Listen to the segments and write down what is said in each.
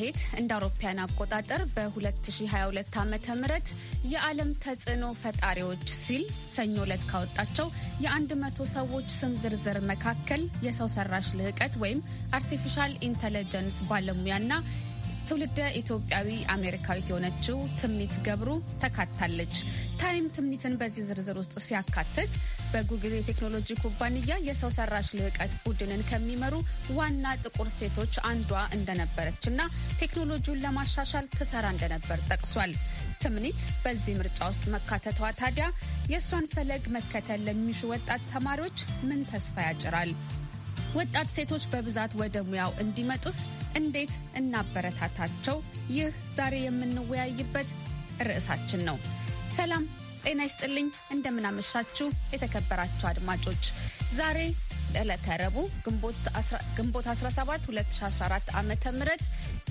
መጽሔት እንደ አውሮፓያን አቆጣጠር በ2022 ዓ ም የዓለም ተጽዕኖ ፈጣሪዎች ሲል ሰኞ ዕለት ካወጣቸው የ100 ሰዎች ስም ዝርዝር መካከል የሰው ሰራሽ ልህቀት ወይም አርቲፊሻል ኢንተለጀንስ ባለሙያና ትውልደ ኢትዮጵያዊ አሜሪካዊት የሆነችው ትምኒት ገብሩ ተካታለች። ታይም ትምኒትን በዚህ ዝርዝር ውስጥ ሲያካትት በጉግል የቴክኖሎጂ ኩባንያ የሰው ሰራሽ ልዕቀት ቡድንን ከሚመሩ ዋና ጥቁር ሴቶች አንዷ እንደነበረችና ቴክኖሎጂውን ለማሻሻል ትሰራ እንደነበር ጠቅሷል። ትምኒት በዚህ ምርጫ ውስጥ መካተቷ ታዲያ የእሷን ፈለግ መከተል ለሚሹ ወጣት ተማሪዎች ምን ተስፋ ያጭራል? ወጣት ሴቶች በብዛት ወደ ሙያው እንዲመጡስ እንዴት እናበረታታቸው? ይህ ዛሬ የምንወያይበት ርዕሳችን ነው። ሰላም ጤና ይስጥልኝ። እንደምናመሻችሁ የተከበራችሁ አድማጮች ዛሬ ዕለተ ረቡዕ ግንቦት 17 2014 ዓ ም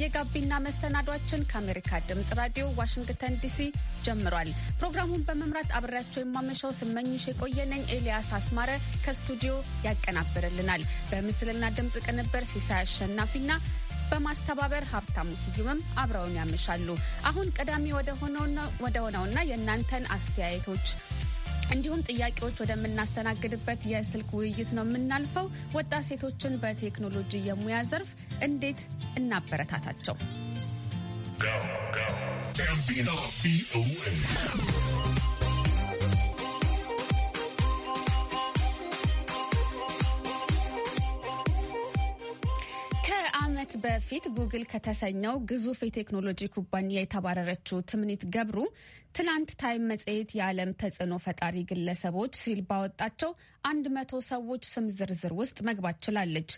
የጋቢና መሰናዷችን ከአሜሪካ ድምፅ ራዲዮ ዋሽንግተን ዲሲ ጀምሯል። ፕሮግራሙን በመምራት አብሬያቸው የማመሻው ስመኝሽ የቆየነኝ ኤልያስ አስማረ ከስቱዲዮ ያቀናብርልናል። በምስልና ድምፅ ቅንበር ሲሳይ አሸናፊና በማስተባበር ሀብታሙ ስዩምም አብረውን ያመሻሉ። አሁን ቀዳሚ ወደ ሆነውና የእናንተን አስተያየቶች እንዲሁም ጥያቄዎች ወደምናስተናግድበት የስልክ ውይይት ነው የምናልፈው። ወጣት ሴቶችን በቴክኖሎጂ የሙያ ዘርፍ እንዴት እናበረታታቸው? ከዓመት በፊት ጉግል ከተሰኘው ግዙፍ የቴክኖሎጂ ኩባንያ የተባረረችው ትምኒት ገብሩ ትላንት ታይም መጽሔት የዓለም ተጽዕኖ ፈጣሪ ግለሰቦች ሲል ባወጣቸው አንድ መቶ ሰዎች ስም ዝርዝር ውስጥ መግባት ችላለች።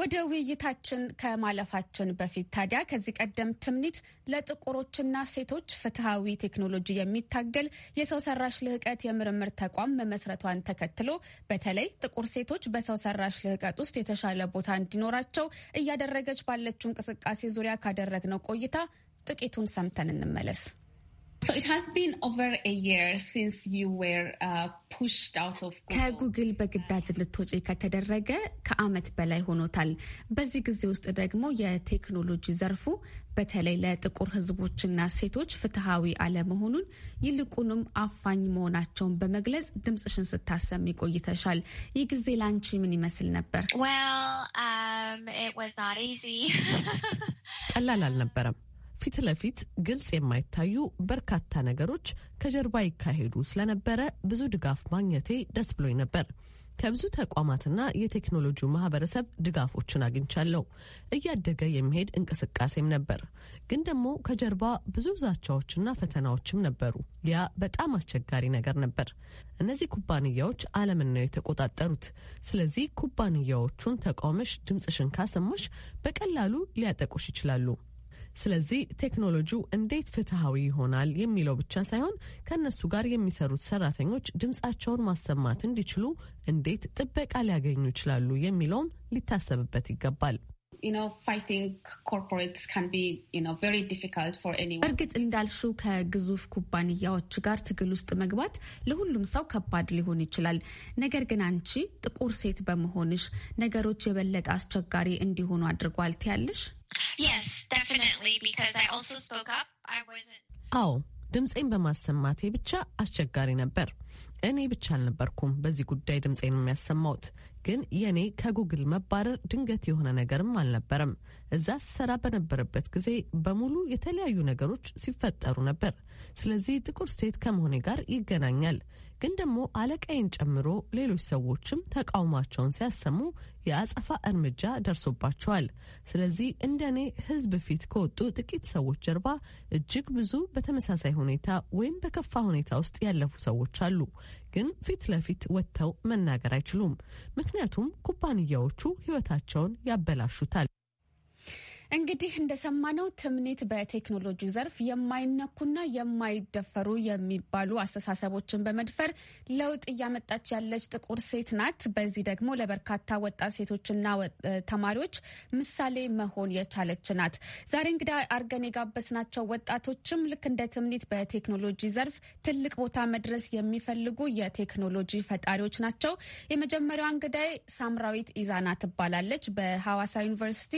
ወደ ውይይታችን ከማለፋችን በፊት ታዲያ ከዚህ ቀደም ትምኒት ለጥቁሮችና ሴቶች ፍትሐዊ ቴክኖሎጂ የሚታገል የሰው ሰራሽ ልህቀት የምርምር ተቋም መመስረቷን ተከትሎ በተለይ ጥቁር ሴቶች በሰው ሰራሽ ልህቀት ውስጥ የተሻለ ቦታ እንዲኖራቸው እያደረገች ባለችው እንቅስቃሴ ዙሪያ ካደረግነው ቆይታ ጥቂቱን ሰምተን እንመለስ። Uh, ከጉግል በግዳጅ ልትወጪ ከተደረገ ከዓመት በላይ ሆኖታል። በዚህ ጊዜ ውስጥ ደግሞ የቴክኖሎጂ ዘርፉ በተለይ ለጥቁር ሕዝቦችና ሴቶች ፍትሐዊ አለመሆኑን ይልቁንም አፋኝ መሆናቸውን በመግለጽ ድምጽሽን ስታሰሚ ቆይተሻል። ይህ ጊዜ ላንቺ ምን ይመስል ነበር? Um, ቀላል አልነበረም። ፊት ለፊት ግልጽ የማይታዩ በርካታ ነገሮች ከጀርባ ይካሄዱ ስለነበረ ብዙ ድጋፍ ማግኘቴ ደስ ብሎኝ ነበር። ከብዙ ተቋማትና የቴክኖሎጂው ማህበረሰብ ድጋፎችን አግኝቻለሁ። እያደገ የሚሄድ እንቅስቃሴም ነበር። ግን ደግሞ ከጀርባ ብዙ ዛቻዎችና ፈተናዎችም ነበሩ። ያ በጣም አስቸጋሪ ነገር ነበር። እነዚህ ኩባንያዎች ዓለምን ነው የተቆጣጠሩት። ስለዚህ ኩባንያዎቹን ተቃውመሽ ድምፅሽን ካሰማሽ በቀላሉ ሊያጠቁሽ ይችላሉ። ስለዚህ ቴክኖሎጂው እንዴት ፍትሐዊ ይሆናል የሚለው ብቻ ሳይሆን ከእነሱ ጋር የሚሰሩት ሰራተኞች ድምፃቸውን ማሰማት እንዲችሉ እንዴት ጥበቃ ሊያገኙ ይችላሉ የሚለውም ሊታሰብበት ይገባል። እርግጥ እንዳልሽው ከግዙፍ ኩባንያዎች ጋር ትግል ውስጥ መግባት ለሁሉም ሰው ከባድ ሊሆን ይችላል። ነገር ግን አንቺ ጥቁር ሴት በመሆንሽ ነገሮች የበለጠ አስቸጋሪ እንዲሆኑ አድርጓል ትያለሽ? አዎ ድምፄን በማሰማቴ ብቻ አስቸጋሪ ነበር። እኔ ብቻ አልነበርኩም በዚህ ጉዳይ ድምፄን የሚያሰማውት ግን የኔ ከጉግል መባረር ድንገት የሆነ ነገርም አልነበረም። እዛ ስሰራ በነበረበት ጊዜ በሙሉ የተለያዩ ነገሮች ሲፈጠሩ ነበር። ስለዚህ ጥቁር ሴት ከመሆኔ ጋር ይገናኛል። ግን ደግሞ አለቃዬን ጨምሮ ሌሎች ሰዎችም ተቃውሟቸውን ሲያሰሙ የአጸፋ እርምጃ ደርሶባቸዋል። ስለዚህ እንደ እኔ ሕዝብ ፊት ከወጡ ጥቂት ሰዎች ጀርባ እጅግ ብዙ በተመሳሳይ ሁኔታ ወይም በከፋ ሁኔታ ውስጥ ያለፉ ሰዎች አሉ። ግን ፊት ለፊት ወጥተው መናገር አይችሉም። ምክንያቱም ኩባንያዎቹ ሕይወታቸውን ያበላሹታል። እንግዲህ እንደሰማነው ትምኒት በቴክኖሎጂ ዘርፍ የማይነኩና የማይደፈሩ የሚባሉ አስተሳሰቦችን በመድፈር ለውጥ እያመጣች ያለች ጥቁር ሴት ናት። በዚህ ደግሞ ለበርካታ ወጣት ሴቶችና ተማሪዎች ምሳሌ መሆን የቻለች ናት። ዛሬ እንግዳ አርገን የጋበዝናቸው ወጣቶችም ልክ እንደ ትምኒት በቴክኖሎጂ ዘርፍ ትልቅ ቦታ መድረስ የሚፈልጉ የቴክኖሎጂ ፈጣሪዎች ናቸው። የመጀመሪያዋ እንግዳይ ሳምራዊት ኢዛና ትባላለች። በሐዋሳ ዩኒቨርሲቲ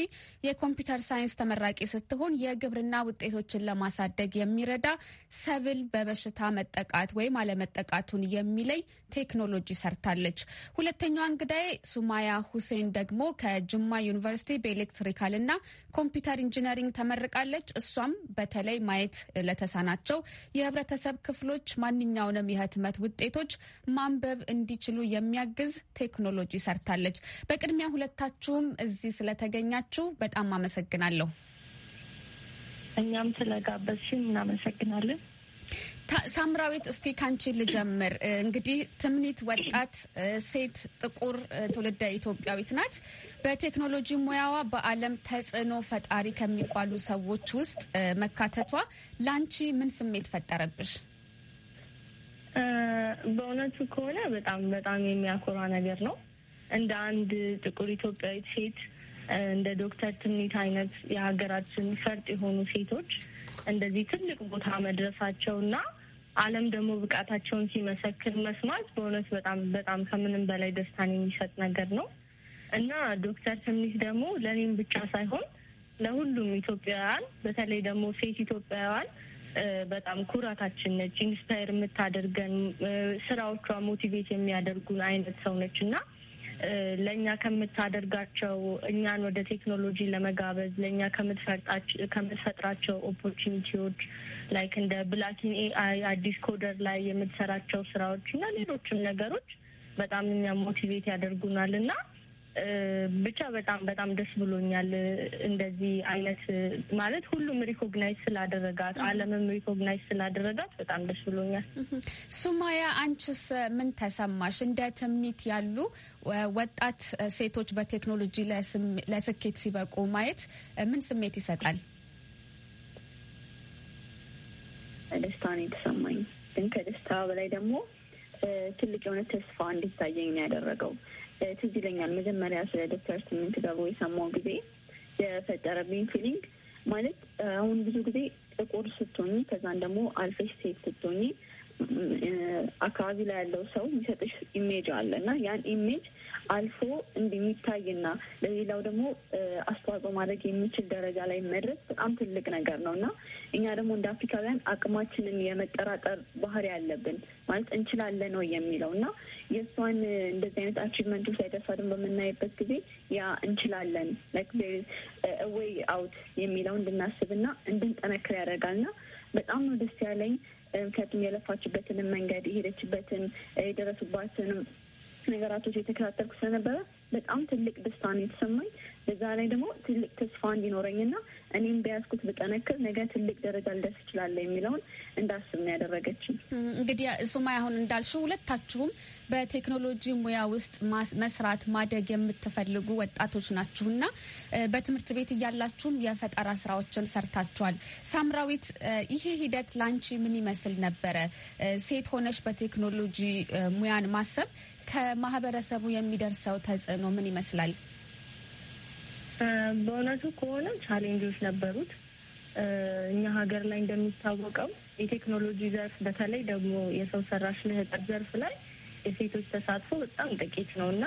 የኮምፒውተር ሳይንስ ተመራቂ ስትሆን የግብርና ውጤቶችን ለማሳደግ የሚረዳ ሰብል በበሽታ መጠቃት ወይም አለመጠቃቱን የሚለይ ቴክኖሎጂ ሰርታለች። ሁለተኛዋ እንግዳይ ሱማያ ሁሴን ደግሞ ከጅማ ዩኒቨርሲቲ በኤሌክትሪካልና ኮምፒውተር ኢንጂነሪንግ ተመርቃለች። እሷም በተለይ ማየት ለተሳናቸው የህብረተሰብ ክፍሎች ማንኛውንም የህትመት ውጤቶች ማንበብ እንዲችሉ የሚያግዝ ቴክኖሎጂ ሰርታለች። በቅድሚያ ሁለታችሁም እዚህ ስለተገኛችሁ በጣም አመሰግናለሁ። አመሰግናለሁ። እኛም ስለጋበዝሽን እናመሰግናለን። ሳምራዊት እስቲ ካንቺ ልጀምር። እንግዲህ ትምኒት ወጣት ሴት ጥቁር ትውልደ ኢትዮጵያዊት ናት። በቴክኖሎጂ ሙያዋ በዓለም ተጽዕኖ ፈጣሪ ከሚባሉ ሰዎች ውስጥ መካተቷ ለአንቺ ምን ስሜት ፈጠረብሽ? በእውነቱ ከሆነ በጣም በጣም የሚያኮራ ነገር ነው። እንደ አንድ ጥቁር ኢትዮጵያዊት ሴት እንደ ዶክተር ትምኒት አይነት የሀገራችን ፈርጥ የሆኑ ሴቶች እንደዚህ ትልቅ ቦታ መድረሳቸው እና ዓለም ደግሞ ብቃታቸውን ሲመሰክር መስማት በእውነት በጣም በጣም ከምንም በላይ ደስታን የሚሰጥ ነገር ነው እና ዶክተር ትምኒት ደግሞ ለእኔም ብቻ ሳይሆን ለሁሉም ኢትዮጵያውያን በተለይ ደግሞ ሴት ኢትዮጵያውያን በጣም ኩራታችን ነች። ኢንስፓየር የምታደርገን ስራዎቿ ሞቲቬት የሚያደርጉን አይነት ሰው ነች እና ለእኛ ከምታደርጋቸው እኛን ወደ ቴክኖሎጂ ለመጋበዝ ለእኛ ከምትፈጥራቸው ኦፖርቹኒቲዎች ላይክ እንደ ብላኪን ኤአይ አዲስ ኮደር ላይ የምትሰራቸው ስራዎች እና ሌሎችም ነገሮች በጣም እኛ ሞቲቬት ያደርጉናል እና ብቻ በጣም በጣም ደስ ብሎኛል። እንደዚህ አይነት ማለት ሁሉም ሪኮግናይዝ ስላደረጋት ዓለምም ሪኮግናይዝ ስላደረጋት በጣም ደስ ብሎኛል። ሱማያ አንቺስ ምን ተሰማሽ? እንደ ትምኒት ያሉ ወጣት ሴቶች በቴክኖሎጂ ለስኬት ሲበቁ ማየት ምን ስሜት ይሰጣል? ደስታ ነው የተሰማኝ፣ ግን ከደስታ በላይ ደግሞ ትልቅ የሆነ ተስፋ እንዲታየኝ ነው ያደረገው። ትዝ ይለኛል መጀመሪያ ስለ ዶክተር ስምንት ገቦ የሰማው ጊዜ የፈጠረብኝ ፊሊንግ ማለት አሁን ብዙ ጊዜ ጥቁር ስትሆኝ ከዛን ደግሞ አልፈሽ ሴት ስትሆኝ አካባቢ ላይ ያለው ሰው የሚሰጥሽ ኢሜጅ አለ እና ያን ኢሜጅ አልፎ እንደሚታይና ለሌላው ደግሞ አስተዋጽኦ ማድረግ የሚችል ደረጃ ላይ መድረስ በጣም ትልቅ ነገር ነው እና እኛ ደግሞ እንደ አፍሪካውያን አቅማችንን የመጠራጠር ባህሪ ያለብን ማለት እንችላለን ነው የሚለው እና የእሷን እንደዚህ አይነት አቺቭመንቱ ላይ ደግሞ በምናይበት ጊዜ ያ እንችላለን ወይ አውት የሚለው እንድናስብና እንድንጠነክር ያደርጋልና በጣም ነው ደስ ያለኝ። ምክንያቱም የለፋችበትንም መንገድ የሄደችበትን የደረሱባትንም ነገራቶች የተከታተልኩ ስለነበረ በጣም ትልቅ ደስታ ነው የተሰማኝ። እዛ ላይ ደግሞ ትልቅ ተስፋ እንዲኖረኝ እና እኔም በያዝኩት ብጠነክር ነገ ትልቅ ደረጃ ልደርስ እችላለሁ የሚለውን እንዳስብ ነው ያደረገችኝ። እንግዲህ ሱማያ፣ አሁን እንዳልሽው ሁለታችሁም በቴክኖሎጂ ሙያ ውስጥ መስራት ማደግ የምትፈልጉ ወጣቶች ናችሁ በትምህርት ቤት እያላችሁም የፈጠራ ስራዎችን ሰርታችኋል። ሳምራዊት፣ ይሄ ሂደት ላንቺ ምን ይመስል ነበረ? ሴት ሆነሽ በቴክኖሎጂ ሙያን ማሰብ ከማህበረሰቡ የሚደርሰው ተጽዕኖ ምን ይመስላል? በእውነቱ ከሆነ ቻሌንጆች ነበሩት። እኛ ሀገር ላይ እንደሚታወቀው የቴክኖሎጂ ዘርፍ በተለይ ደግሞ የሰው ሰራሽ ልህቀት ዘርፍ ላይ የሴቶች ተሳትፎ በጣም ጥቂት ነው እና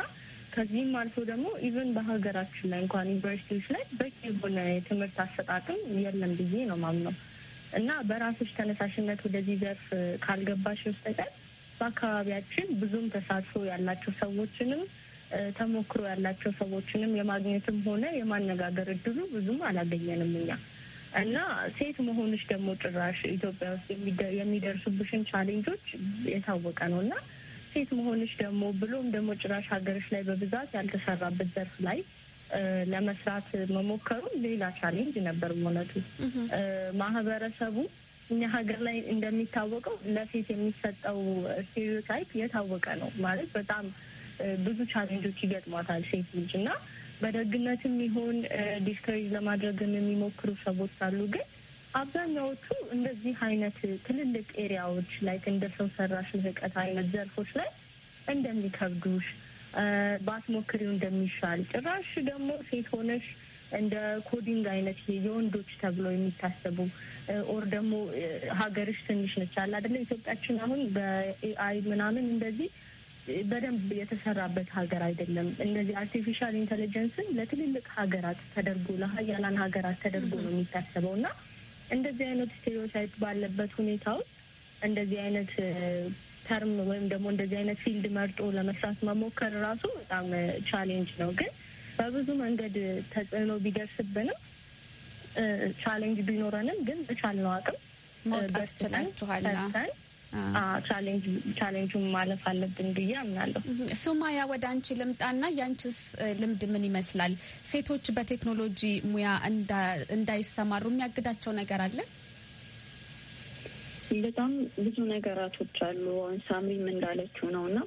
ከዚህም አልፎ ደግሞ ኢቨን በሀገራችን ላይ እንኳን ዩኒቨርሲቲዎች ላይ በቂ የሆነ የትምህርት አሰጣጥም የለም ብዬ ነው ማምነው እና በራሶች ተነሳሽነት ወደዚህ ዘርፍ ካልገባሽ በስተቀር በአካባቢያችን ብዙም ተሳትፎ ያላቸው ሰዎችንም ተሞክሮ ያላቸው ሰዎችንም የማግኘትም ሆነ የማነጋገር እድሉ ብዙም አላገኘንም እኛ እና ሴት መሆንሽ ደግሞ ጭራሽ ኢትዮጵያ ውስጥ የሚደርሱብሽን ቻሌንጆች የታወቀ ነው እና ሴት መሆንሽ ደግሞ ብሎም ደግሞ ጭራሽ ሀገርሽ ላይ በብዛት ያልተሰራበት ዘርፍ ላይ ለመስራት መሞከሩም ሌላ ቻሌንጅ ነበር። እውነቱ ማህበረሰቡ እኛ ሀገር ላይ እንደሚታወቀው ለሴት የሚሰጠው ስቴሪዮታይፕ የታወቀ ነው ማለት በጣም ብዙ ቻሌንጆች ይገጥሟታል ሴት ልጅ እና በደግነትም ይሁን ዲስከሬጅ ለማድረግም የሚሞክሩ ሰዎች አሉ። ግን አብዛኛዎቹ እንደዚህ አይነት ትልልቅ ኤሪያዎች ላይ እንደ ሰው ሰራሽ ልህቀት አይነት ዘርፎች ላይ እንደሚከብዱሽ ባትሞክሪው እንደሚሻል ጭራሽ ደግሞ ሴት ሆነሽ እንደ ኮዲንግ አይነት የወንዶች ተብሎ የሚታሰቡ ኦር ደግሞ ሀገርሽ ትንሽ ነች አለ አይደለ? ኢትዮጵያችን አሁን በኤአይ ምናምን እንደዚህ በደንብ የተሰራበት ሀገር አይደለም። እነዚህ አርቲፊሻል ኢንቴሊጀንስን ለትልልቅ ሀገራት ተደርጎ ለሀያላን ሀገራት ተደርጎ ነው የሚታሰበው እና እንደዚህ አይነት ስቴሪዮታይፕ ባለበት ሁኔታ ውስጥ እንደዚህ አይነት ተርም ወይም ደግሞ እንደዚህ አይነት ፊልድ መርጦ ለመስራት መሞከር ራሱ በጣም ቻሌንጅ ነው። ግን በብዙ መንገድ ተጽዕኖ ቢደርስብንም ቻሌንጅ ቢኖረንም ግን በቻልነው አቅም መውጣት ችላችኋል። ቻሌንጁን ማለፍ አለብን ብዬ አምናለሁ። ሱማያ ወደ አንቺ ልምጣና የአንቺስ ልምድ ምን ይመስላል? ሴቶች በቴክኖሎጂ ሙያ እንዳይሰማሩ የሚያግዳቸው ነገር አለ? በጣም ብዙ ነገራቶች አሉ። አሁን ሳምሪም እንዳለችው ነው እና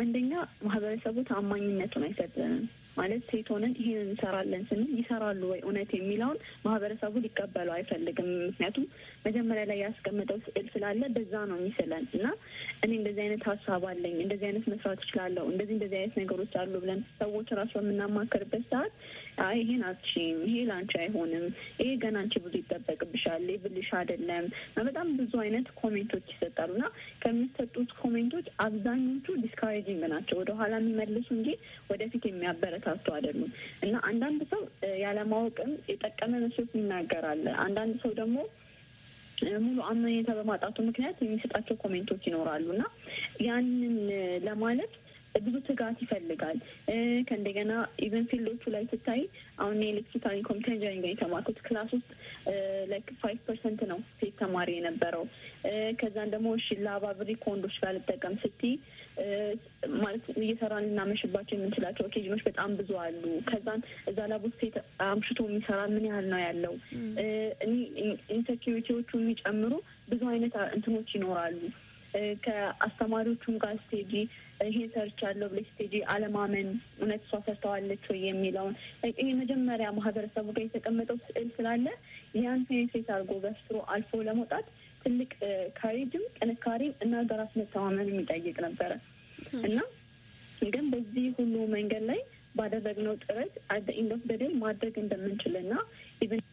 አንደኛ ማህበረሰቡ ታማኝነቱን አይሰጥንም። ማለት ሴት ሆነን ይሄንን እንሰራለን ስንል ይሰራሉ ወይ እውነት የሚለውን ማህበረሰቡ ሊቀበሉ አይፈልግም። ምክንያቱም መጀመሪያ ላይ ያስቀመጠው ስዕል ስላለ በዛ ነው የሚስለን እና እኔ እንደዚህ አይነት ሀሳብ አለኝ፣ እንደዚህ አይነት መስራት እችላለሁ፣ እንደዚህ እንደዚህ አይነት ነገሮች አሉ ብለን ሰዎች ራሱ በምናማከርበት ሰዓት አይ ይሄን አትችይም፣ ይሄ ላንቺ አይሆንም፣ ይሄ ገና አንቺ ብዙ ይጠበቅብሻል፣ ብልሽ አይደለም በጣም ብዙ አይነት ኮሜንቶች ይሰጣሉ እና ከሚሰጡት ኮሜንቶች አብዛኞቹ ዲስካሬጂንግ ናቸው፣ ወደኋላ የሚመልሱ እንጂ ወደፊት የሚያበረታ ተሳስቶ አይደሉም እና አንዳንድ ሰው ያለማወቅም የጠቀመ መስሎት ይናገራል። አንዳንድ ሰው ደግሞ ሙሉ አመኔታ በማጣቱ ምክንያት የሚሰጣቸው ኮሜንቶች ይኖራሉ እና ያንን ለማለት ብዙ ትጋት ይፈልጋል። ከእንደገና ኢቨን ፊልዶቹ ላይ ስታይ አሁን የኤሌክትሪካል ኮምፒውተር ኢንጂነሪንግ የተማርኩት ክላስ ውስጥ ላይክ ፋይቭ ፐርሰንት ነው ሴት ተማሪ የነበረው። ከዛን ደግሞ እሺ ለአባብሪ ከወንዶች ጋር ልጠቀም ስቲ ማለት እየሰራን ልናመሽባቸው የምንችላቸው ኦኬዥኖች በጣም ብዙ አሉ። ከዛን እዛ ላብ ሴት አምሽቶ የሚሰራ ምን ያህል ነው ያለው? እኔ ኢንሴኪሪቲዎቹ የሚጨምሩ ብዙ አይነት እንትኖች ይኖራሉ። ከአስተማሪዎቹም ጋር ስቴጂ ይሄን ሰርቻለሁ ብለሽ ስቴጂ አለማመን እውነት እሷ ሰርተዋለች ወይ የሚለውን ይህ መጀመሪያ ማህበረሰቡ ጋር የተቀመጠው ስዕል ስላለ ያን ሴት አድርጎ በስሮ አልፎ ለመውጣት ትልቅ ካሬጅም ጥንካሬም እና በራስ መተማመን የሚጠይቅ ነበረ እና ግን በዚህ ሁሉ መንገድ ላይ ባደረግነው ጥረት አደ ኢንዶፍ በደል ማድረግ እንደምንችል እንደምንችልና ኢቨን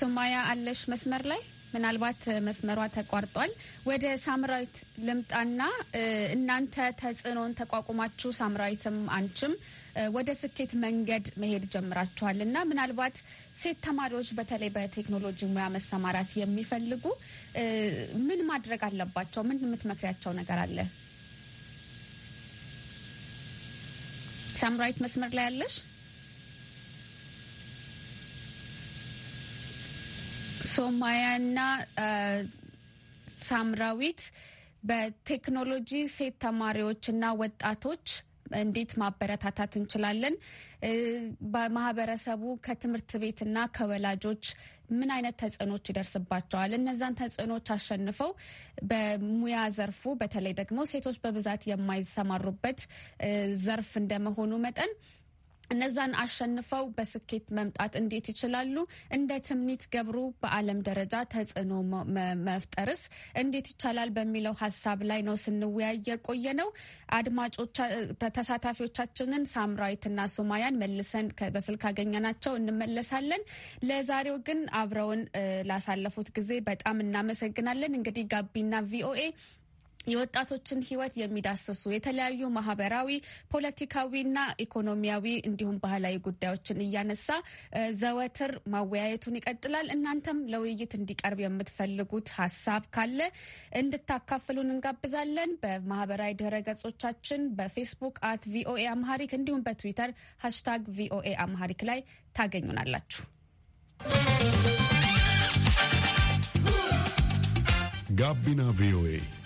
ሱማያ አለሽ መስመር ላይ ምናልባት መስመሯ ተቋርጧል። ወደ ሳምራዊት ልምጣና እናንተ ተጽዕኖን ተቋቁማችሁ ሳምራዊትም አንችም ወደ ስኬት መንገድ መሄድ ጀምራችኋል እና ምናልባት ሴት ተማሪዎች በተለይ በቴክኖሎጂ ሙያ መሰማራት የሚፈልጉ ምን ማድረግ አለባቸው? ምን የምትመክሪያቸው ነገር አለ? ሳምራዊት መስመር ላይ አለሽ? ሶማያና ሳምራዊት በቴክኖሎጂ ሴት ተማሪዎችና ወጣቶች እንዴት ማበረታታት እንችላለን? በማህበረሰቡ ከትምህርት ቤትና ከወላጆች ምን አይነት ተጽዕኖች ይደርስባቸዋል? እነዛን ተጽዕኖች አሸንፈው በሙያ ዘርፉ በተለይ ደግሞ ሴቶች በብዛት የማይሰማሩበት ዘርፍ እንደመሆኑ መጠን እነዛን አሸንፈው በስኬት መምጣት እንዴት ይችላሉ? እንደ ትምኒት ገብሩ በዓለም ደረጃ ተጽዕኖ መፍጠርስ እንዴት ይቻላል በሚለው ሀሳብ ላይ ነው ስንወያይ የቆየ ነው። አድማጮች ተሳታፊዎቻችንን ሳምራዊትና ሶማያን መልሰን በስልክ አገኘናቸው፣ እንመለሳለን። ለዛሬው ግን አብረውን ላሳለፉት ጊዜ በጣም እናመሰግናለን። እንግዲህ ጋቢና ቪኦኤ የወጣቶችን ህይወት የሚዳስሱ የተለያዩ ማህበራዊ፣ ፖለቲካዊና ኢኮኖሚያዊ እንዲሁም ባህላዊ ጉዳዮችን እያነሳ ዘወትር ማወያየቱን ይቀጥላል። እናንተም ለውይይት እንዲቀርብ የምትፈልጉት ሀሳብ ካለ እንድታካፍሉን እንጋብዛለን። በማህበራዊ ድህረ ገጾቻችን በፌስቡክ አት ቪኦኤ አምሃሪክ እንዲሁም በትዊተር ሃሽታግ ቪኦኤ አምሃሪክ ላይ ታገኙናላችሁ። ጋቢና ቪኦኤ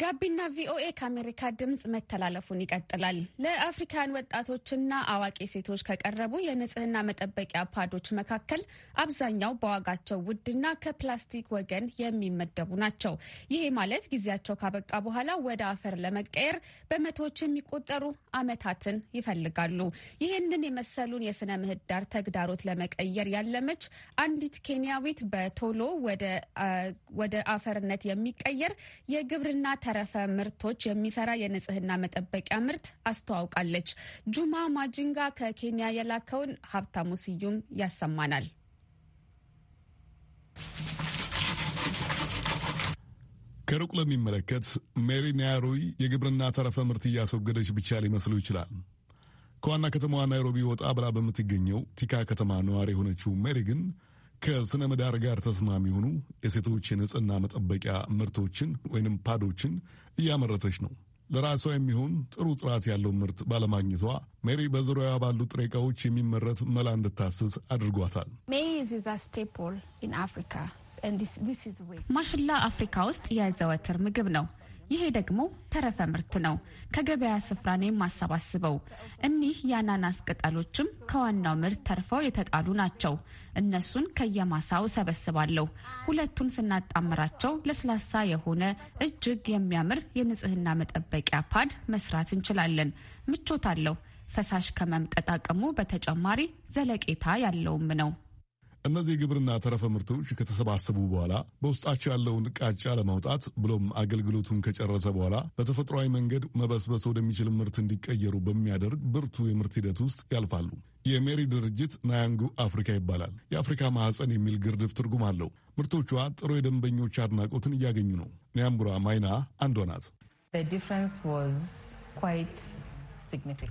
ጋቢና ቪኦኤ ከአሜሪካ ድምፅ መተላለፉን ይቀጥላል። ለአፍሪካውያን ወጣቶችና አዋቂ ሴቶች ከቀረቡ የንጽህና መጠበቂያ ፓዶች መካከል አብዛኛው በዋጋቸው ውድና ከፕላስቲክ ወገን የሚመደቡ ናቸው። ይሄ ማለት ጊዜያቸው ካበቃ በኋላ ወደ አፈር ለመቀየር በመቶዎች የሚቆጠሩ ዓመታትን ይፈልጋሉ። ይህንን የመሰሉን የስነ ምህዳር ተግዳሮት ለመቀየር ያለመች አንዲት ኬንያዊት በቶሎ ወደ አፈርነት የሚቀየር የግብርና ተረፈ ምርቶች የሚሰራ የንጽህና መጠበቂያ ምርት አስተዋውቃለች። ጁማ ማጅንጋ ከኬንያ የላከውን ሀብታሙ ስዩም ያሰማናል። ከሩቅ ለሚመለከት ሜሪ ናያሩይ የግብርና ተረፈ ምርት እያስወገደች ብቻ ሊመስሉ ይችላል። ከዋና ከተማዋ ናይሮቢ ወጣ ብላ በምትገኘው ቲካ ከተማ ነዋሪ የሆነችው ሜሪ ግን ከስነ ምህዳር ጋር ተስማሚ የሆኑ የሴቶች የንጽህና መጠበቂያ ምርቶችን ወይንም ፓዶችን እያመረተች ነው። ለራሷ የሚሆን ጥሩ ጥራት ያለው ምርት ባለማግኘቷ ሜሪ በዙሪያዋ ባሉ ጥሬ እቃዎች የሚመረት መላ እንድታስስ አድርጓታል። ማሽላ አፍሪካ ውስጥ የዘወትር ምግብ ነው። ይሄ ደግሞ ተረፈ ምርት ነው ከገበያ ስፍራ ነው የማሰባስበው። እኒህ የአናናስ ቅጠሎችም ከዋናው ምርት ተርፈው የተጣሉ ናቸው። እነሱን ከየማሳው ሰበስባለሁ። ሁለቱን ስናጣምራቸው ለስላሳ የሆነ እጅግ የሚያምር የንጽህና መጠበቂያ ፓድ መስራት እንችላለን። ምቾት አለው። ፈሳሽ ከመምጠጥ አቅሙ በተጨማሪ ዘለቄታ ያለውም ነው። እነዚህ የግብርና ተረፈ ምርቶች ከተሰባሰቡ በኋላ በውስጣቸው ያለውን ቃጫ ለማውጣት ብሎም አገልግሎቱን ከጨረሰ በኋላ በተፈጥሯዊ መንገድ መበስበስ ወደሚችል ምርት እንዲቀየሩ በሚያደርግ ብርቱ የምርት ሂደት ውስጥ ያልፋሉ። የሜሪ ድርጅት ናያንጉ አፍሪካ ይባላል። የአፍሪካ ማህፀን የሚል ግርድፍ ትርጉም አለው። ምርቶቿ ጥሩ የደንበኞች አድናቆትን እያገኙ ነው። ኒያምቡራ ማይና አንዷ ናት።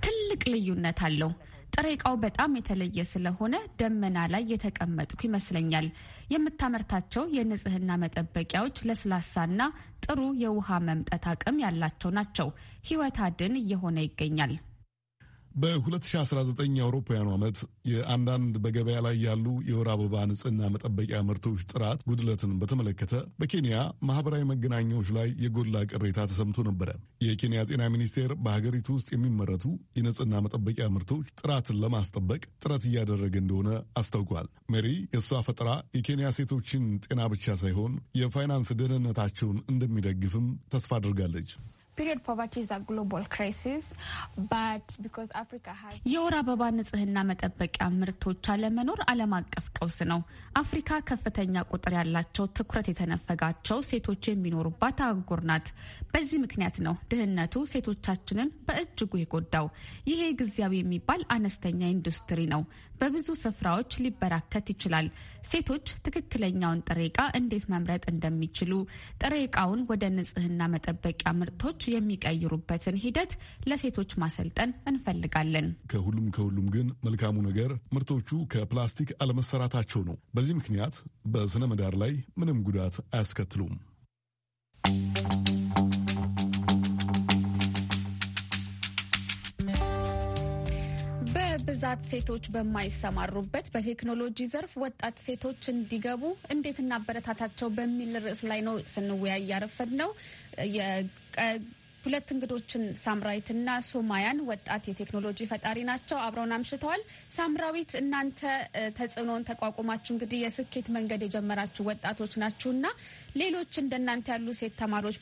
ትልቅ ልዩነት አለው። ጥሬ እቃው በጣም የተለየ ስለሆነ ደመና ላይ የተቀመጥኩ ይመስለኛል። የምታመርታቸው የንጽህና መጠበቂያዎች ለስላሳና ጥሩ የውሃ መምጠት አቅም ያላቸው ናቸው። ህይወት አድን እየሆነ ይገኛል። በ2019 የአውሮፓውያኑ ዓመት የአንዳንድ በገበያ ላይ ያሉ የወር አበባ ንጽህና መጠበቂያ ምርቶች ጥራት ጉድለትን በተመለከተ በኬንያ ማህበራዊ መገናኛዎች ላይ የጎላ ቅሬታ ተሰምቶ ነበረ። የኬንያ ጤና ሚኒስቴር በሀገሪቱ ውስጥ የሚመረቱ የንጽህና መጠበቂያ ምርቶች ጥራትን ለማስጠበቅ ጥረት እያደረገ እንደሆነ አስታውቋል። ሜሪ የእሷ ፈጠራ የኬንያ ሴቶችን ጤና ብቻ ሳይሆን የፋይናንስ ደህንነታቸውን እንደሚደግፍም ተስፋ አድርጋለች። የወር አበባ ንጽህና መጠበቂያ ምርቶች አለመኖር ዓለም አቀፍ ቀውስ ነው። አፍሪካ ከፍተኛ ቁጥር ያላቸው ትኩረት የተነፈጋቸው ሴቶች የሚኖሩባት አህጉር ናት። በዚህ ምክንያት ነው ድህነቱ ሴቶቻችንን በእጅጉ የጎዳው። ይሄ ጊዜያዊ የሚባል አነስተኛ ኢንዱስትሪ ነው። በብዙ ስፍራዎች ሊበራከት ይችላል። ሴቶች ትክክለኛውን ጥሬ ዕቃ እንዴት መምረጥ እንደሚችሉ፣ ጥሬ ዕቃውን ወደ ንጽህና መጠበቂያ ምርቶች የሚቀይሩበትን ሂደት ለሴቶች ማሰልጠን እንፈልጋለን። ከሁሉም ከሁሉም ግን መልካሙ ነገር ምርቶቹ ከፕላስቲክ አለመሰራታቸው ነው። በዚህ ምክንያት በስነ ምህዳር ላይ ምንም ጉዳት አያስከትሉም። በብዛት ሴቶች በማይሰማሩበት በቴክኖሎጂ ዘርፍ ወጣት ሴቶች እንዲገቡ እንዴት እናበረታታቸው በሚል ርዕስ ላይ ነው ስንወያይ ያረፈድ ነው። ሁለት እንግዶችን ሳምራዊትና ሶማያን ወጣት የቴክኖሎጂ ፈጣሪ ናቸው። አብረውን አምሽተዋል። ሳምራዊት እናንተ ተጽዕኖን ተቋቁማችሁ እንግዲህ የስኬት መንገድ የጀመራችሁ ወጣቶች ናችሁና ሌሎች እንደናንተ ያሉ ሴት ተማሪዎች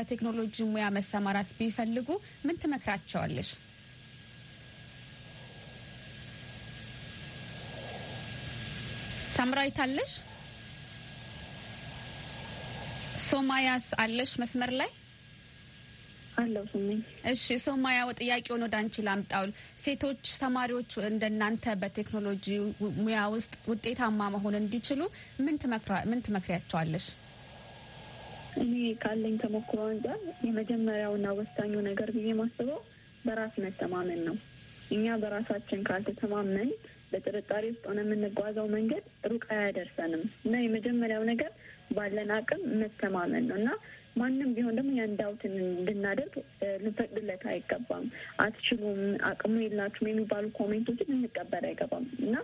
በቴክኖሎጂ ሙያ መሰማራት ቢፈልጉ ምን ትመክራቸዋለሽ? ሳምራዊት አለሽ? ሶማያስ አለሽ መስመር ላይ አለው ስሜኝ። እሺ ሶማያ ጥያቄውን ወደ አንቺ ላምጣውል። ሴቶች ተማሪዎች እንደናንተ በቴክኖሎጂ ሙያ ውስጥ ውጤታማ መሆን እንዲችሉ ምን ትመክሪያቸዋለሽ? እኔ ካለኝ ተሞክሮ አንጻር የመጀመሪያውና ወሳኙ ነገር ብዬ ማስበው በራስ መተማመን ነው። እኛ በራሳችን ካልተተማመን በጥርጣሬ ውስጥ ሆነ የምንጓዘው መንገድ ሩቅ አያደርሰንም እና የመጀመሪያው ነገር ባለን አቅም መተማመን ነው እና ማንም ቢሆን ደግሞ ያን ዳውትን እንድናደርግ ልንፈቅድለት አይገባም። አትችሉም፣ አቅሙ የላችሁም የሚባሉ ኮሜንቶችን ልንቀበል አይገባም እና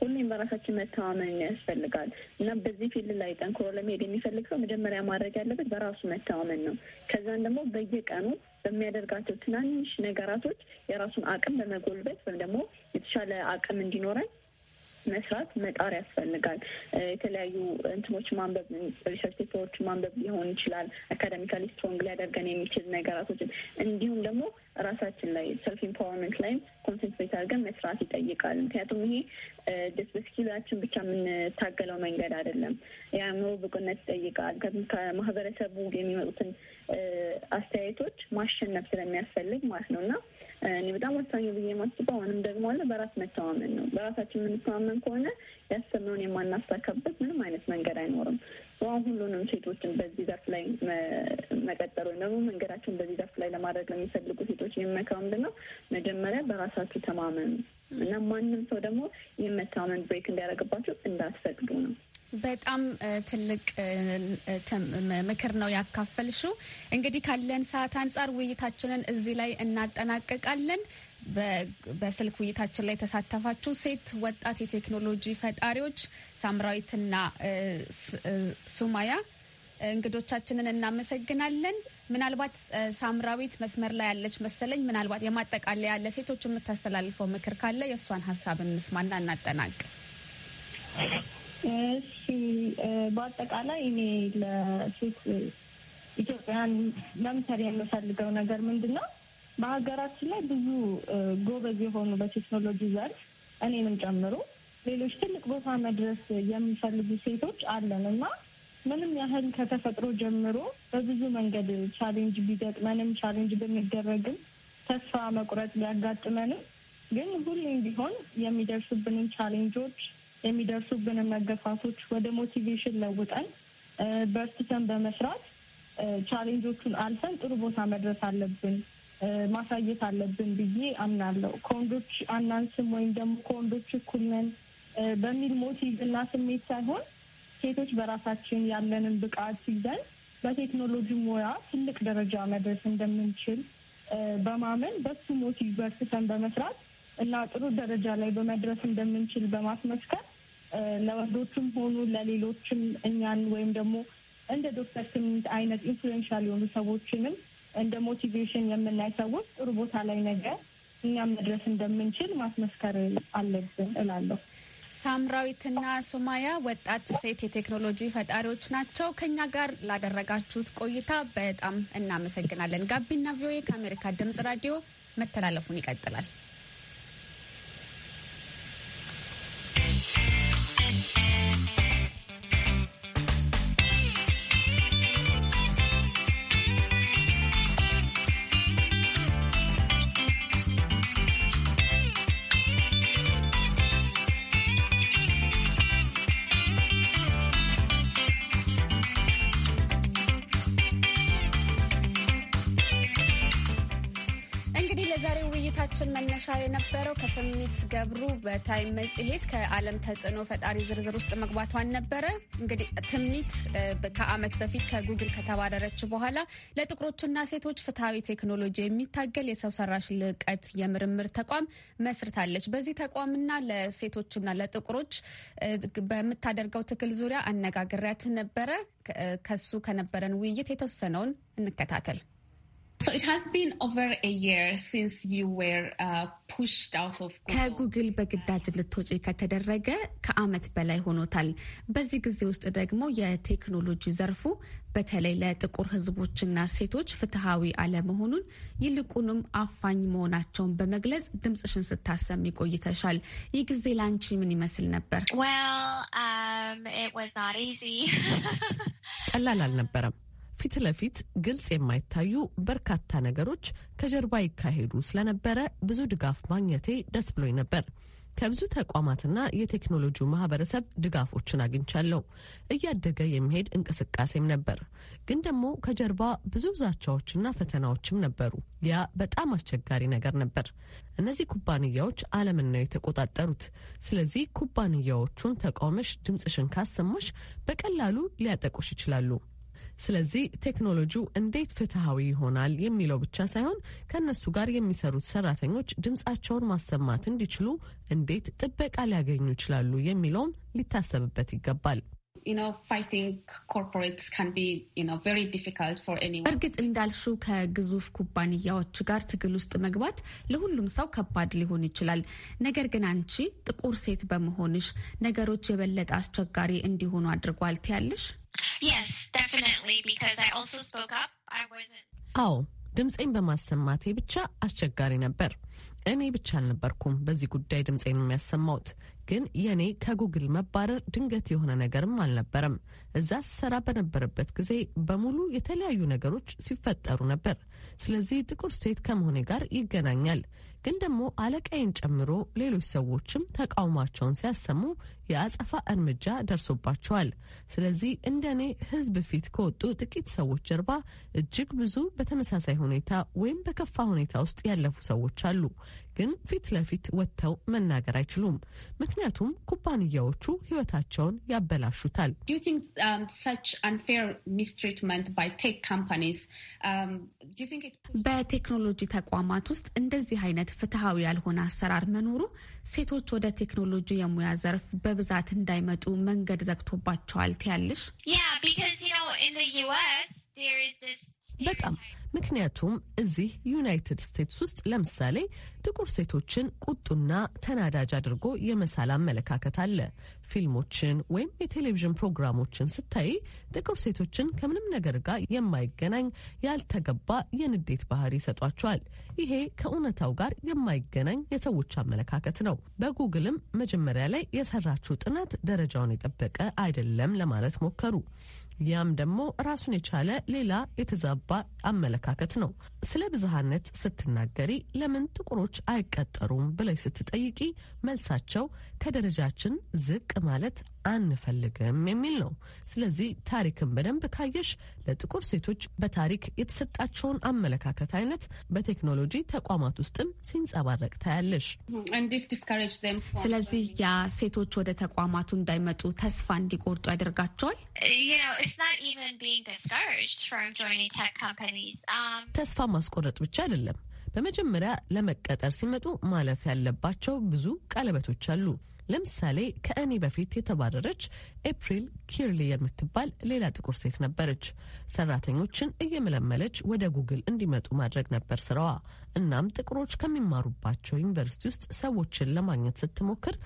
ሁሌም በራሳችን መተማመን ያስፈልጋል እና በዚህ ፊልድ ላይ ጠንክሮ ለመሄድ የሚፈልግ ሰው መጀመሪያ ማድረግ ያለበት በራሱ መተማመን ነው። ከዛን ደግሞ በየቀኑ በሚያደርጋቸው ትናንሽ ነገራቶች የራሱን አቅም በመጎልበት ወይም ደግሞ የተሻለ አቅም እንዲኖረን መስራት መጣር ያስፈልጋል። የተለያዩ እንትኖች ማንበብ፣ ሪሰርች ፔፐሮች ማንበብ ሊሆን ይችላል። አካደሚካሊ ስትሮንግ ሊያደርገን የሚችል ነገራቶችን እንዲሁም ደግሞ ራሳችን ላይ ሰልፍ ኢምፓወርመንት ላይም ኮንሰንትሬት አድርገን መስራት ይጠይቃል። ምክንያቱም ይሄ ደስ በስኪላችን ብቻ የምንታገለው መንገድ አይደለም። የአእምሮ ብቁነት ይጠይቃል። ከማህበረሰቡ የሚመጡትን አስተያየቶች ማሸነፍ ስለሚያስፈልግ ማለት ነው እና እኔ በጣም ወሳኝ ብዬ የማስበው አሁንም ደግሞ አለ በራስ መተማመን ነው። በራሳችን የምንተማመን ከሆነ ያሰብነውን የማናሳካበት ምንም አይነት መንገድ አይኖርም። አሁን ሁሉንም ሴቶችን በዚህ ዘርፍ ላይ መቀጠር ወይም ደግሞ መንገዳቸውን በዚህ ዘርፍ ላይ ለማድረግ ለሚፈልጉ ሴቶች የሚመክረው ምንድን ነው? መጀመሪያ በራሳችሁ ተማመኑ እና ማንም ሰው ደግሞ ይህን መተማመን ብሬክ እንዲያደርግባችሁ እንዳትፈቅዱ ነው። በጣም ትልቅ ምክር ነው ያካፈልሹ እንግዲህ ካለን ሰዓት አንጻር ውይይታችንን እዚህ ላይ እናጠናቀቃለን። በስልክ ውይይታችን ላይ የተሳተፋችሁ ሴት ወጣት የቴክኖሎጂ ፈጣሪዎች ሳምራዊትና ሱማያ እንግዶቻችንን እናመሰግናለን። ምናልባት ሳምራዊት መስመር ላይ ያለች መሰለኝ። ምናልባት የማጠቃለያ ሴቶች የምታስተላልፈው ምክር ካለ የእሷን ሀሳብ እንስማና እናጠናቅ። እሺ በአጠቃላይ እኔ ለሴት ኢትዮጵያን መምሰል የምፈልገው ነገር ምንድን ነው? በሀገራችን ላይ ብዙ ጎበዝ የሆኑ በቴክኖሎጂ ዘርፍ እኔንም ጨምሮ ሌሎች ትልቅ ቦታ መድረስ የሚፈልጉ ሴቶች አለን እና ምንም ያህል ከተፈጥሮ ጀምሮ በብዙ መንገድ ቻሌንጅ ቢገጥመንም ቻሌንጅ ብንደረግም ተስፋ መቁረጥ ቢያጋጥመንም ግን ሁሌም ቢሆን የሚደርሱብንን ቻሌንጆች የሚደርሱብን መገፋቶች ወደ ሞቲቬሽን ለውጠን በርትተን በመስራት ቻሌንጆቹን አልፈን ጥሩ ቦታ መድረስ አለብን ማሳየት አለብን ብዬ አምናለሁ። ከወንዶች አናንስም ወይም ደግሞ ከወንዶች እኩል ነን በሚል ሞቲቭ እና ስሜት ሳይሆን ሴቶች በራሳችን ያለንን ብቃት ይዘን በቴክኖሎጂ ሙያ ትልቅ ደረጃ መድረስ እንደምንችል በማመን በሱ ሞቲቭ በርትተን በመስራት እና ጥሩ ደረጃ ላይ በመድረስ እንደምንችል በማስመስከር ለወንዶችም ሆኑ ለሌሎችም እኛን ወይም ደግሞ እንደ ዶክተር ስምንት አይነት ኢንፍሉዌንሻል የሆኑ ሰዎችንም እንደ ሞቲቬሽን የምናይ ሰዎች ጥሩ ቦታ ላይ ነገ እኛም መድረስ እንደምንችል ማስመስከር አለብን እላለሁ። ሳምራዊትና ሱማያ ወጣት ሴት የቴክኖሎጂ ፈጣሪዎች ናቸው። ከኛ ጋር ላደረጋችሁት ቆይታ በጣም እናመሰግናለን። ጋቢና ቪኦኤ ከአሜሪካ ድምጽ ራዲዮ መተላለፉን ይቀጥላል። ዝግጅታችን መነሻ የነበረው ከትምኒት ገብሩ በታይም መጽሔት ከዓለም ተጽዕኖ ፈጣሪ ዝርዝር ውስጥ መግባቷን ነበረ። እንግዲህ ትምኒት ከዓመት በፊት ከጉግል ከተባረረች በኋላ ለጥቁሮችና ሴቶች ፍትሐዊ ቴክኖሎጂ የሚታገል የሰው ሰራሽ ልቀት የምርምር ተቋም መስርታለች። በዚህ ተቋምና ለሴቶችና ለጥቁሮች በምታደርገው ትግል ዙሪያ አነጋግሪያት ነበረ። ከሱ ከነበረን ውይይት የተወሰነውን እንከታተል። Uh, ከጉግል በግዳጅ ልትወጪ ከተደረገ ከዓመት በላይ ሆኖታል። በዚህ ጊዜ ውስጥ ደግሞ የቴክኖሎጂ ዘርፉ በተለይ ለጥቁር ሕዝቦችና ሴቶች ፍትሐዊ አለመሆኑን ይልቁንም አፋኝ መሆናቸውን በመግለጽ ድምፅሽን ስታሰሚ ቆይተሻል። ይህ ጊዜ ለአንቺ ምን ይመስል ነበር? Um, ቀላል አልነበረም። ፊት ለፊት ግልጽ የማይታዩ በርካታ ነገሮች ከጀርባ ይካሄዱ ስለነበረ ብዙ ድጋፍ ማግኘቴ ደስ ብሎኝ ነበር። ከብዙ ተቋማትና የቴክኖሎጂው ማህበረሰብ ድጋፎችን አግኝቻለሁ። እያደገ የሚሄድ እንቅስቃሴም ነበር። ግን ደግሞ ከጀርባ ብዙ ዛቻዎችና ፈተናዎችም ነበሩ። ያ በጣም አስቸጋሪ ነገር ነበር። እነዚህ ኩባንያዎች ዓለምን ነው የተቆጣጠሩት። ስለዚህ ኩባንያዎቹን ተቃውመሽ ድምፅሽን ካሰማሽ በቀላሉ ሊያጠቁሽ ይችላሉ። ስለዚህ ቴክኖሎጂው እንዴት ፍትሐዊ ይሆናል የሚለው ብቻ ሳይሆን ከእነሱ ጋር የሚሰሩት ሰራተኞች ድምፃቸውን ማሰማት እንዲችሉ እንዴት ጥበቃ ሊያገኙ ይችላሉ የሚለውም ሊታሰብበት ይገባል። እርግጥ እንዳልሽው ከግዙፍ ኩባንያዎች ጋር ትግል ውስጥ መግባት ለሁሉም ሰው ከባድ ሊሆን ይችላል። ነገር ግን አንቺ ጥቁር ሴት በመሆንሽ ነገሮች የበለጠ አስቸጋሪ እንዲሆኑ አድርጓል ትያለሽ? Yes, definitely, because I also spoke up. I wasn't... አዎ ድምፄን በማሰማቴ ብቻ አስቸጋሪ ነበር። እኔ ብቻ አልነበርኩም በዚህ ጉዳይ ድምፄን የሚያሰማውት። ግን የእኔ ከጉግል መባረር ድንገት የሆነ ነገርም አልነበረም። እዛ ስሰራ በነበረበት ጊዜ በሙሉ የተለያዩ ነገሮች ሲፈጠሩ ነበር። ስለዚህ ጥቁር ሴት ከመሆኔ ጋር ይገናኛል። ግን ደግሞ አለቃዬን ጨምሮ ሌሎች ሰዎችም ተቃውሟቸውን ሲያሰሙ የአጸፋ እርምጃ ደርሶባቸዋል። ስለዚህ እንደ እኔ ህዝብ ፊት ከወጡ ጥቂት ሰዎች ጀርባ እጅግ ብዙ በተመሳሳይ ሁኔታ ወይም በከፋ ሁኔታ ውስጥ ያለፉ ሰዎች አሉ። ይችላሉ፣ ግን ፊት ለፊት ወጥተው መናገር አይችሉም። ምክንያቱም ኩባንያዎቹ ህይወታቸውን ያበላሹታል። um, um, በቴክኖሎጂ ተቋማት ውስጥ እንደዚህ አይነት ፍትሐዊ ያልሆነ አሰራር መኖሩ ሴቶች ወደ ቴክኖሎጂ የሙያ ዘርፍ በብዛት እንዳይመጡ መንገድ ዘግቶባቸዋል ትያለሽ? በጣም ምክንያቱም እዚህ ዩናይትድ ስቴትስ ውስጥ ለምሳሌ ጥቁር ሴቶችን ቁጡና ተናዳጅ አድርጎ የመሳል አመለካከት አለ። ፊልሞችን ወይም የቴሌቪዥን ፕሮግራሞችን ስታይ ጥቁር ሴቶችን ከምንም ነገር ጋር የማይገናኝ ያልተገባ የንዴት ባህሪ ይሰጧቸዋል። ይሄ ከእውነታው ጋር የማይገናኝ የሰዎች አመለካከት ነው። በጉግልም መጀመሪያ ላይ የሰራችው ጥናት ደረጃውን የጠበቀ አይደለም ለማለት ሞከሩ። ያም ደግሞ ራሱን የቻለ ሌላ የተዛባ አመለካከት ነው። ስለ ብዝሃነት ስትናገሪ ለምን ጥቁሮች ሰዎች አይቀጠሩም ብለሽ ስትጠይቂ መልሳቸው ከደረጃችን ዝቅ ማለት አንፈልግም የሚል ነው። ስለዚህ ታሪክን በደንብ ካየሽ ለጥቁር ሴቶች በታሪክ የተሰጣቸውን አመለካከት አይነት በቴክኖሎጂ ተቋማት ውስጥም ሲንጸባረቅ ታያለሽ። ስለዚህ ያ ሴቶች ወደ ተቋማቱ እንዳይመጡ ተስፋ እንዲቆርጡ ያደርጋቸዋል። um, ተስፋ ማስቆረጥ ብቻ አይደለም። በመጀመሪያ ለመቀጠር ሲመጡ ማለፍ ያለባቸው ብዙ ቀለበቶች አሉ። ለምሳሌ ከእኔ በፊት የተባረረች ኤፕሪል ኪርሊ የምትባል ሌላ ጥቁር ሴት ነበረች። ሰራተኞችን እየመለመለች ወደ ጉግል እንዲመጡ ማድረግ ነበር ስራዋ። እናም ጥቁሮች ከሚማሩባቸው ዩኒቨርሲቲ ውስጥ ሰዎችን ለማግኘት ስትሞክር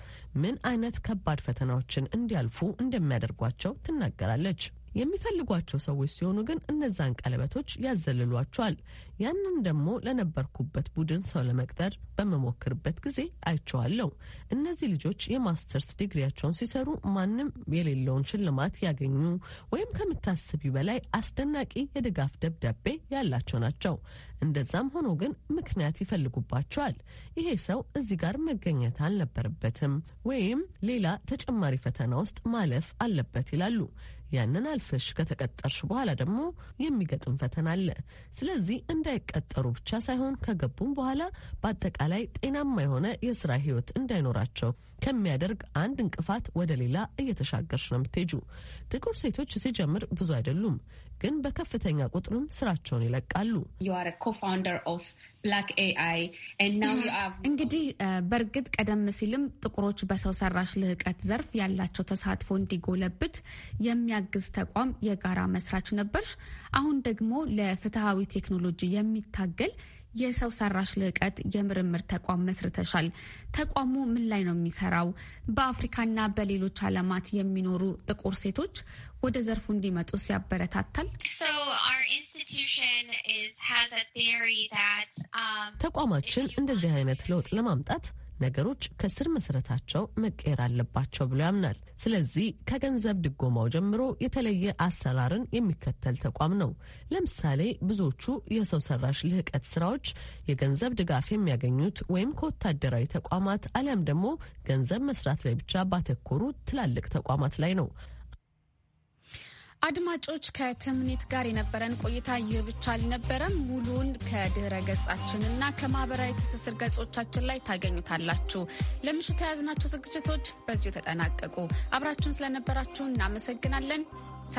ምን አይነት ከባድ ፈተናዎችን እንዲያልፉ እንደሚያደርጓቸው ትናገራለች። የሚፈልጓቸው ሰዎች ሲሆኑ ግን እነዛን ቀለበቶች ያዘልሏቸዋል። ያንን ደግሞ ለነበርኩበት ቡድን ሰው ለመቅጠር በመሞክርበት ጊዜ አይቸዋለሁ። እነዚህ ልጆች የማስተርስ ዲግሪያቸውን ሲሰሩ ማንም የሌለውን ሽልማት ያገኙ ወይም ከምታስቢ በላይ አስደናቂ የድጋፍ ደብዳቤ ያላቸው ናቸው። እንደዛም ሆኖ ግን ምክንያት ይፈልጉባቸዋል። ይሄ ሰው እዚህ ጋር መገኘት አልነበረበትም ወይም ሌላ ተጨማሪ ፈተና ውስጥ ማለፍ አለበት ይላሉ። ያንን አልፈሽ ከተቀጠርሽ በኋላ ደግሞ የሚገጥም ፈተና አለ። ስለዚህ እንዳይቀጠሩ ብቻ ሳይሆን ከገቡም በኋላ በአጠቃላይ ጤናማ የሆነ የስራ ህይወት እንዳይኖራቸው ከሚያደርግ አንድ እንቅፋት ወደ ሌላ እየተሻገርሽ ነው የምትሄጁ። ጥቁር ሴቶች ሲጀምር ብዙ አይደሉም። ግን በከፍተኛ ቁጥርም ስራቸውን ይለቃሉ። እንግዲህ በእርግጥ ቀደም ሲልም ጥቁሮች በሰው ሰራሽ ልህቀት ዘርፍ ያላቸው ተሳትፎ እንዲጎለብት የሚያግዝ ተቋም የጋራ መስራች ነበርሽ። አሁን ደግሞ ለፍትሐዊ ቴክኖሎጂ የሚታገል የሰው ሰራሽ ልዕቀት የምርምር ተቋም መስርተሻል። ተቋሙ ምን ላይ ነው የሚሰራው? በአፍሪካና በሌሎች ዓለማት የሚኖሩ ጥቁር ሴቶች ወደ ዘርፉ እንዲመጡ ሲያበረታታል። um, ተቋማችን እንደዚህ አይነት ለውጥ ለማምጣት ነገሮች ከስር መሰረታቸው መቀየር አለባቸው ብሎ ያምናል። ስለዚህ ከገንዘብ ድጎማው ጀምሮ የተለየ አሰራርን የሚከተል ተቋም ነው። ለምሳሌ ብዙዎቹ የሰው ሰራሽ ልህቀት ስራዎች የገንዘብ ድጋፍ የሚያገኙት ወይም ከወታደራዊ ተቋማት አሊያም ደግሞ ገንዘብ መስራት ላይ ብቻ ባተኮሩ ትላልቅ ተቋማት ላይ ነው። አድማጮች ከትምኒት ጋር የነበረን ቆይታ ይህ ብቻ አልነበረም። ሙሉውን ከድህረ እና ከማህበራዊ ትስስር ገጾቻችን ላይ ታገኙታላችሁ። ለምሽቱ የያዝናቸው ዝግጅቶች በዚሁ ተጠናቀቁ። አብራችሁን ስለነበራችሁ እናመሰግናለን።